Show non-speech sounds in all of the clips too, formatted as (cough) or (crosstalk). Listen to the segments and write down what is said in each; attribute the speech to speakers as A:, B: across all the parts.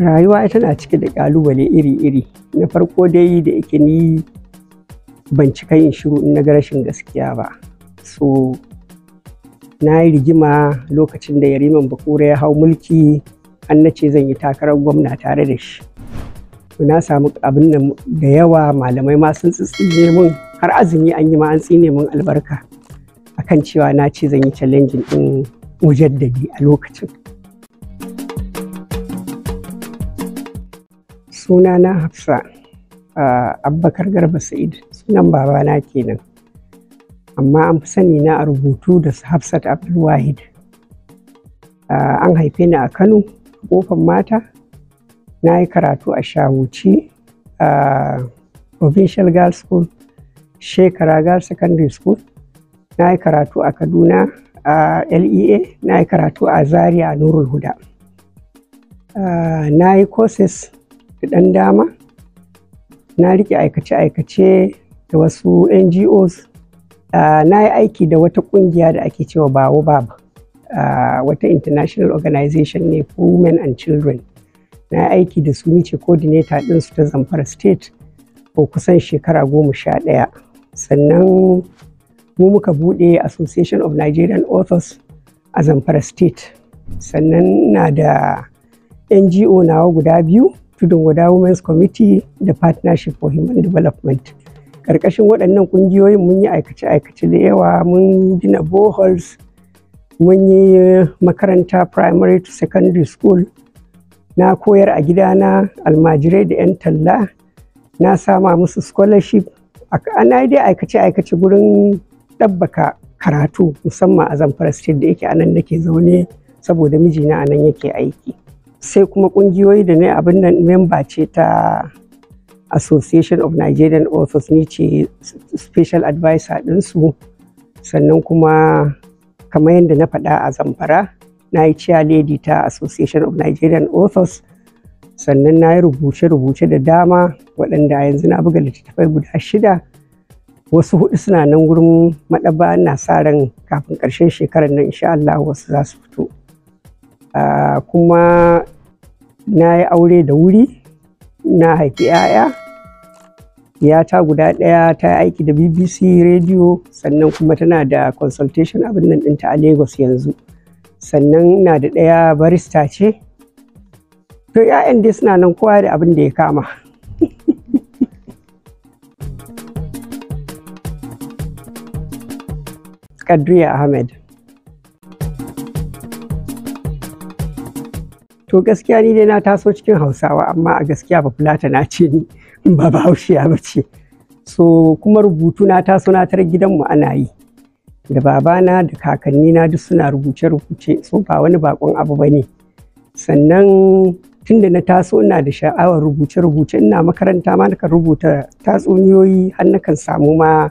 A: rayuwa tana cike da kalubale iri-iri na farko dai da yake ni ban cika yin shiru in na rashin gaskiya ba so na yi rigima lokacin da yariman bakura ya hau mulki an na ce zan yi takarar gwamna tare da shi na samu abin da yawa malamai ma sun tsitsine mun, har azumi an yi ma an tsine mun albarka akan cewa na ce zan yi challenging din mujaddadi a lokacin suna na hafsa a abbakar garba sa'id sunan babana kenan amma an fi sani na a rubutu da hafsat abdulwahid an haife ni a kano kofar mata na yi karatu a shawuci a provincial girls school shekara girls secondary school na yi karatu a kaduna a lea na yi karatu a zaria nurul huda na yi courses da ɗan dama na riƙe aikace-aikace da wasu ngos ah, na yi aiki da wata ƙungiya da ake cewa bawo baba ah, wata international organization ne for women and children na yi aiki da su nice coordinator ɗinsu ta zamfara state ko kusan shekara goma sha ɗaya sannan mu muka buɗe association of nigerian authors a zamfara state sannan na da ngo nawa guda biyu student Wada Women's Committee da Partnership for Human Development. Karkashin waɗannan ƙungiyoyin mun yi aikace-aikace da yawa mun gina boholes, mun yi makaranta primary to secondary school, na koyar a gidana almajirai da 'yan talla, na sama musu scholarship, ana dai aikace-aikace gurin ɗabbaka karatu musamman a Zamfara State da yake anan nake zaune saboda mijina anan yake aiki. sai kuma kungiyoyi da na abin nan memba ce ta association of nigerian authors ni ce special advisor ɗinsu sannan kuma kamar yadda na faɗa a zamfara na yi chair lady ta association of nigerian authors sannan na yi rubuce-rubuce da dama waɗanda yanzu na buga littattafai guda shida wasu hudu suna nan gurin maɗaba na sa ran kafin ƙarshen shekarar nan insha Allah wasu za su fito kuma na yi aure da wuri na haifi 'ya'ya ta guda ɗaya ta yi aiki da bbc radio sannan kuma tana da consultation abin nan ɗinta a lagos yanzu sannan na da ɗaya barista ce to 'ya'yan dai suna nan kowa da abin da ya kama (laughs) kadriya ahmed to gaskiya ni dai na taso cikin hausawa amma a gaskiya ba fulata na ce ni ba bahaushiya ba ce so kuma rubutu na taso na tar gidanmu ana yi da babana da kakanni na duk suna rubuce-rubuce so ba wani bakon abu ba ne sannan tunda na taso ina da sha'awar rubuce-rubuce ina makaranta ma nakan rubuta tatsuniyoyi har nakan samu ma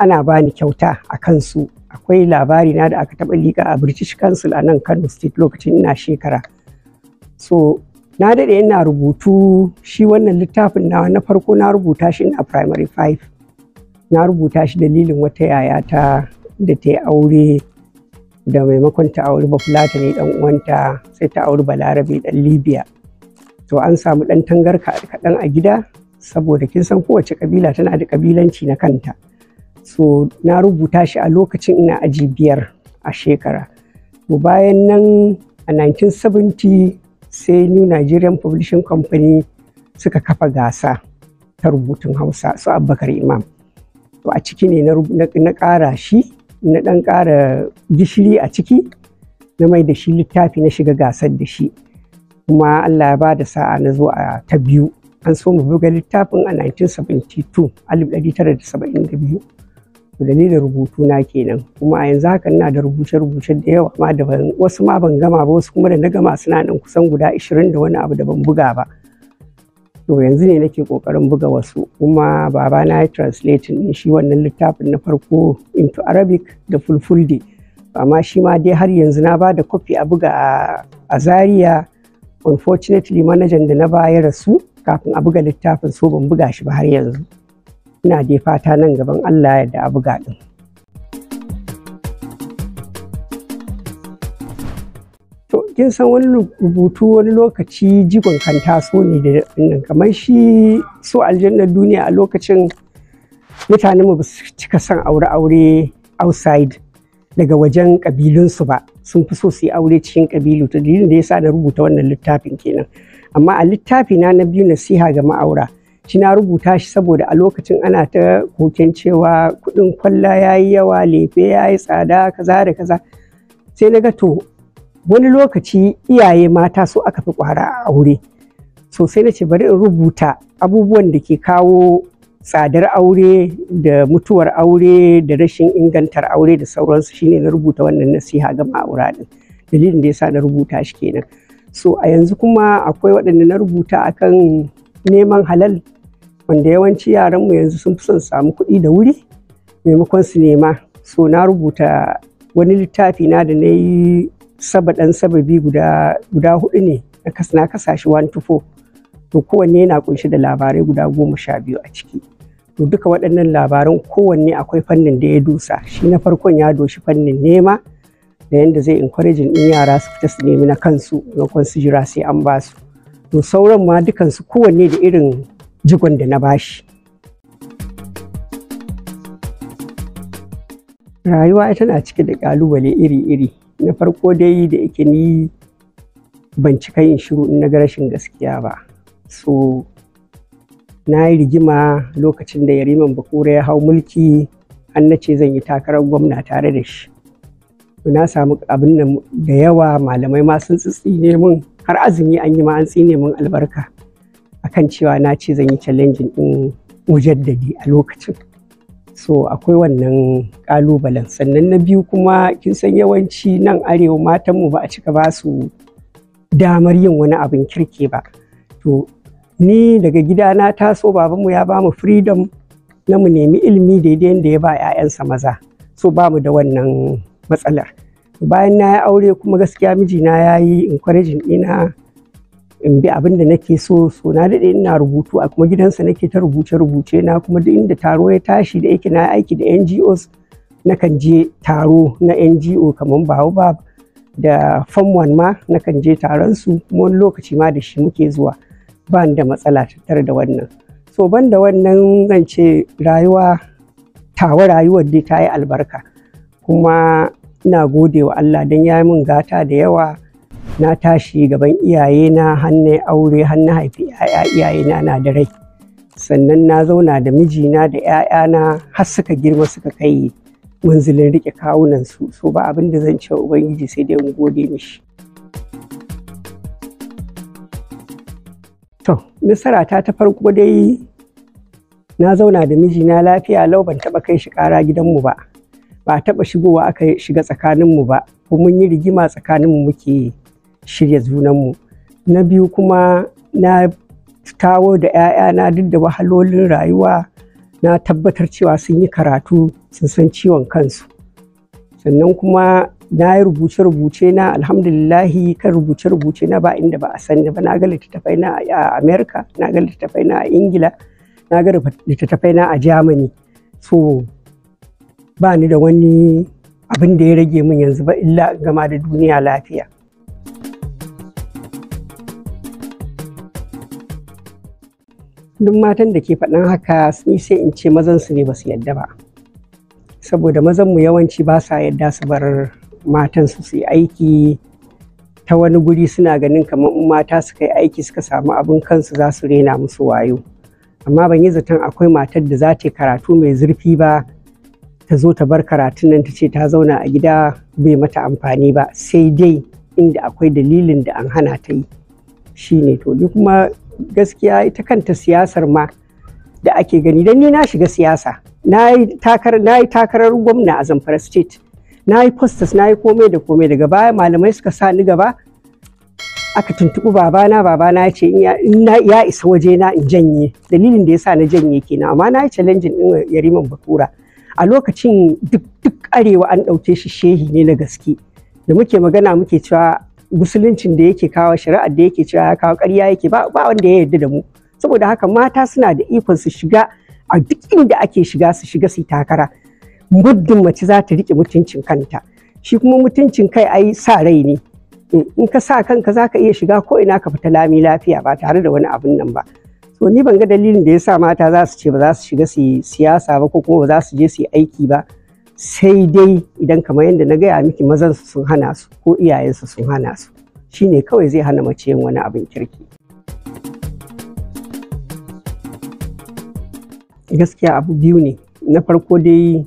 A: ana bani kyauta a kansu akwai labari na da aka taɓa liƙa a british council a nan kano state lokacin ina shekara so na daɗe ina rubutu shi wannan littafin na na farko na rubuta shi na primary 5 na rubuta shi dalilin wata yaya ta da ta yi aure da maimakon ta auri bafulata ne dan uwanta sai ta auri balarabe dan libya to an samu dan tangarka kaɗan a gida saboda kin san kowace kabila tana da kabilanci na kanta so na rubuta shi a lokacin ina aji biyar a shekara mu bayan nan a 1970 sai new nigerian publishing company suka kafa gasa ta rubutun hausa su abubakar imam to a ciki ne na ƙara shi na ɗan ƙara gishiri a ciki na mai da shi littafi na shiga gasar da shi kuma allah ya ba da sa'a na zo a ta biyu an so mu buga littafin a 1972 1972 to dalilin rubutu na kenan kuma a yanzu haka ina da rubuce-rubuce da yawa ma da wasu ma ban gama ba wasu kuma da na gama suna nan kusan guda 20 da wani abu da ban buga ba to yanzu ne nake kokarin buga wasu kuma baba na ya translating din shi wannan littafin na farko into arabic da fulfulde amma shi ma dai har yanzu na ba da kofi a buga a zaria unfortunately manajan da na baya rasu kafin a buga littafin so ban buga shi ba har yanzu ina dai fata nan gaban Allah yadda da abu gaɗin. To kin san wani rubutu wani lokaci jigon kanta taso ne da nan kamar shi so aljannar duniya a lokacin mutane mu su cika son aure aure outside daga wajen ƙabilunsu ba sun fi so su yi aure cikin ƙabilu ta dalilin da ya sa da rubuta wannan littafin kenan amma a littafi na na biyu nasiha ga ma'aura shi na rubuta shi saboda a lokacin ana ta kokin cewa kuɗin kwalla ya yi yawa lefe ya yi tsada kaza da kaza sai na ga to wani lokaci iyaye mata su aka fi kwara a aure so sai na ce bari in rubuta abubuwan da ke kawo tsadar aure da mutuwar aure da rashin ingantar aure da sauransu shine na rubuta wannan nasiha ga ma'aura din dalilin da ya sa na rubuta shi kenan so a yanzu kuma akwai waɗanda na rubuta akan neman halal wanda yawanci yaranmu yanzu sun fi son samu kuɗi da wuri maimakon su nema so na rubuta wani littafi na da na yi saba ɗan sababi guda hudu ne na kasa shi one to four kowanne yana kunshi da labarai guda goma sha biyu a ciki to duka waɗannan labaran kowanne akwai fannin da ya dusa shi na farkon ya doshi fannin nema da yadda zai encouraging ɗin yara su fita su nemi na kansu maimakon su jira sai an ba su to sauran ma dukansu kowanne da irin jigon da na bashi rayuwa ita na cike da kalubale iri-iri na farko dai da yake ni ban cika yin shiru in na ga rashin gaskiya ba so na yi rigima lokacin da yariman bakura ya hau mulki an na ce zan yi takarar gwamna tare da shi na samu abin da yawa malamai ma sun tsitsi ne mun har azumi an yi ma an tsine min albarka akan cewa na ce zan yi challenge din mujaddadi a lokacin so akwai wannan kalubalen sannan na biyu kuma kin san yawanci nan arewa matan mu ba a cika ba su damar yin wani abin kirke ba to ni daga gida gidana taso babanmu ya ba mu freedom na mu nemi ilimi daidai yadda ya ba 'ya'yansa maza so ba mu da wannan matsalar to bayan na yi aure kuma gaskiya mijina ya yi encouraging ɗina in bi abin da nake so so na daɗe ina rubutu a kuma gidansa nake ta rubuce rubuce na kuma duk inda taro ya tashi da yake na aiki da NGOs na kan je taro na NGO kamar Baobab da Famwan ma na kan je taron su kuma wani lokaci ma da shi muke zuwa ba da matsala tattare da wannan so ban da wannan zan ce rayuwa tawa rayuwar dai ta yi albarka kuma ina gode wa Allah don ya min gata da yawa na tashi gaban iyaye na hannun aure hannun haifi yaya iyaye na na da rai sannan na zauna da mijina da ‘ya'yana har suka girma suka kai manzilin rike kawunan su so ba abin da zan ce ubangiji sai dai mu gode mishi to nasara ta ta farko dai na zauna da mijina lafiya lau ban taɓa kai shi ƙara mu ba ba taba shigowa aka shiga tsakaninmu ba ko mun yi rigima tsakaninmu muke shirya junanmu na biyu kuma na tawo da 'ya'yana duk da wahalolin rayuwa na tabbatar cewa sun yi karatu sun san ciwon kansu sannan kuma na yi rubuce-rubuce na alhamdulillahi kan rubuce-rubuce na ba inda ba a sani ba na ga littattafai na a amerika na ga littattafai na a ingila na ga littattafai na a germany so ba ni da wani abin da ya rage min yanzu ba illa gama da duniya lafiya duk matan da ke faɗin haka yi sai in ce mazan su ne ba su yadda ba saboda mazan mu yawanci ba sa yadda su bar matansu su yi aiki ta wani guri suna ganin kamar in mata suka yi aiki suka samu abin kansu za su rena musu wayo amma ban yi zaton akwai matar da za ta karatu mai zurfi ba ta zo ta bar karatun nan ta ce ta zauna a gida bai mata amfani ba sai dai inda akwai dalilin da an hana ta yi shine to ni kuma gaskiya ita kanta siyasar ma da ake gani don ni na shiga siyasa na yi takarar gwamna a zamfara state na yi postas na yi komai da komai daga baya malamai suka sa ni gaba aka tuntuɓi babana babana ya ce ya isa waje na in janye dalilin da ya sa na janye kenan amma na yi challenging din yariman bakura a lokacin duk duk arewa an ɗauke shi shehi ne na gaske da muke magana muke cewa musuluncin da yake kawo shari'ar da yake cewa ya kawo ƙarya yake ba wanda ya yarda da mu saboda haka mata suna da ikon su shiga a duk inda ake shiga su shiga su takara muddin mace za ta rike mutuncin kanta shi kuma mutuncin kai ai sa rai ne eh, in ka sa kanka za ka iya shiga ko ina ka fita lami lafiya ba tare da wani abin nan ba to ni ban ga dalilin da ya sa mata za su ce ba za su shiga su yi siyasa ba ko kuma ba za su je su yi aiki ba sai dai idan kamar yadda na gaya miki mazan su sun hana su ko iyayensu sun hana su Shi ne kawai zai hana mace yin wani abin kirki gaskiya abu biyu ne na farko dai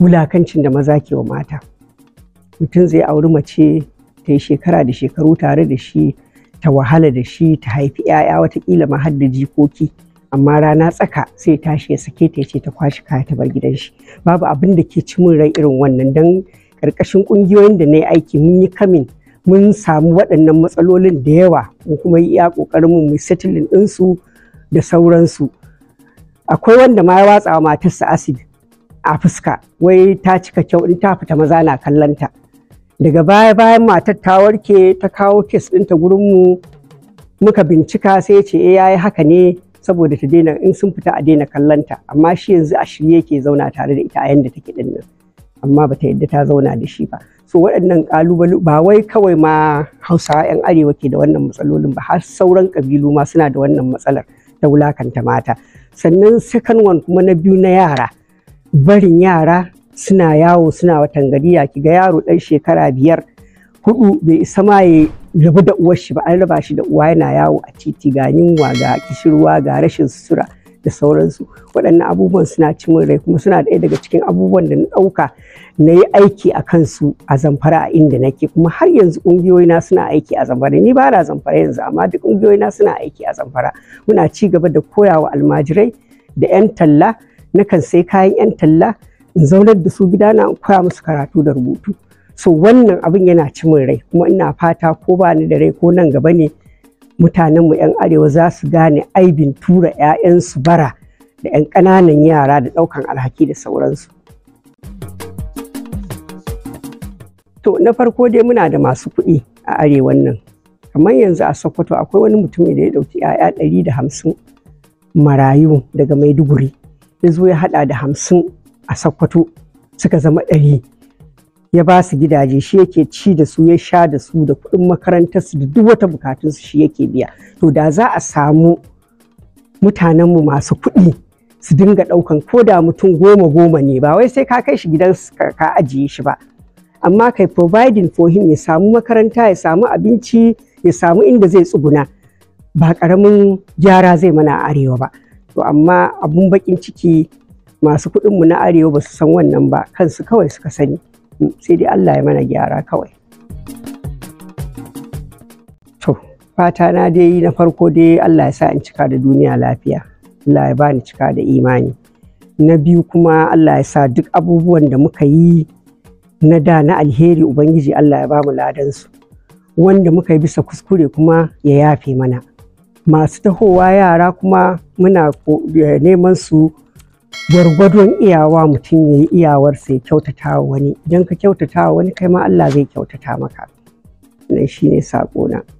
A: wulakancin da maza ke wa mata mutum zai auri mace ta yi shekara da shekaru tare da shi ta wahala da shi ta haifi 'ya'ya watakila ma har da jikoki amma rana tsaka sai tashi ya sake ta ce ta kwashi kaya ta bar gidan shi babu abin da ke ci min rai irin wannan dan karkashin kungiyoyin da na yi aiki mun yi kamin mun samu waɗannan matsalolin da yawa mu kuma yi iya ƙoƙarin mu mu settling ɗinsu da sauransu akwai wanda ma ya watsa matarsa acid a fuska wai ta cika kyau ta fita maza na kallanta daga baya bayan matar ta warke ta kawo kes ɗinta gurinmu muka bincika sai ce e eh, yayi haka ne saboda ta daina in sun fita a daina kallanta amma shi yanzu a shirye ke zauna tare da ita a yanda take din nan amma ba ta yadda ta zauna da shi ba so waɗannan ƙalubale ba wai kawai ma hausawa 'yan arewa ke da wannan matsalolin ba har sauran ƙabilu ma suna da wannan matsalar ta wulakanta mata sannan second one kuma na biyu na yara barin yara suna yawo suna watan gariya ki ga yaro ɗan shekara biyar hudu bai isa ma ya rabu da uwar shi ba an raba shi da uwa yana yawo a titi ga yunwa ga kishirwa ga rashin sutura da sauransu waɗannan abubuwan suna cimin rai kuma suna ɗaya daga cikin abubuwan da na ɗauka na yi aiki a kansu a zamfara a inda nake kuma har yanzu ƙungiyoyina suna aiki a zamfara ni ba na zamfara yanzu amma duk ƙungiyoyina suna aiki a zamfara muna ci gaba da koyawa almajirai da 'yan talla nakan sai kayan 'yan talla zaunar da su gida na koya musu karatu da rubutu so wannan abin yana cimin rai kuma ina fata ko ba ni da rai ko nan gaba ne mutanenmu 'yan arewa za su gane aibin tura 'ya'yansu bara da 'yan ƙananan yara da ɗaukan alhaki da sauransu to na farko dai muna da masu kuɗi a arewan nan kamar yanzu a sokoto akwai wani mutum da ya ɗauki 'ya'ya ɗari da hamsin marayu daga maiduguri ya zo ya haɗa da hamsin a Sakkwato suka zama ɗari ya ba su gidaje shi yake ci da su ya sha da su da kuɗin makarantarsu da duk wata bukatunsu shi yake biya to da za a samu mutanenmu masu kuɗi su dinga ɗaukan ko da mutum goma goma ne ba wai sai ka kai shi gidan ka ajiye shi ba amma kai providing for him ya samu makaranta ya samu abinci ya samu inda zai tsuguna ba ƙaramin gyara zai mana arewa ba to amma abun baƙin ciki masu kuɗinmu na arewa ba su san wannan ba kansu kawai suka sani mm, sai dai allah ya mana gyara kawai to fata na dai na farko dai allah ya sa in cika da duniya lafiya allah ya bani cika da imani na biyu kuma allah ya sa duk abubuwan da muka yi na da na alheri ubangiji allah ya bamu ladansu wanda muka yi bisa kuskure kuma ya yafe mana masu tahowa yara kuma muna eh, neman su gwargwadon iyawa mutum ya yi iyawarsa ya kyautata wani idan ka kyautata wa wani kai ma Allah zai kyautata maka nan shine saƙona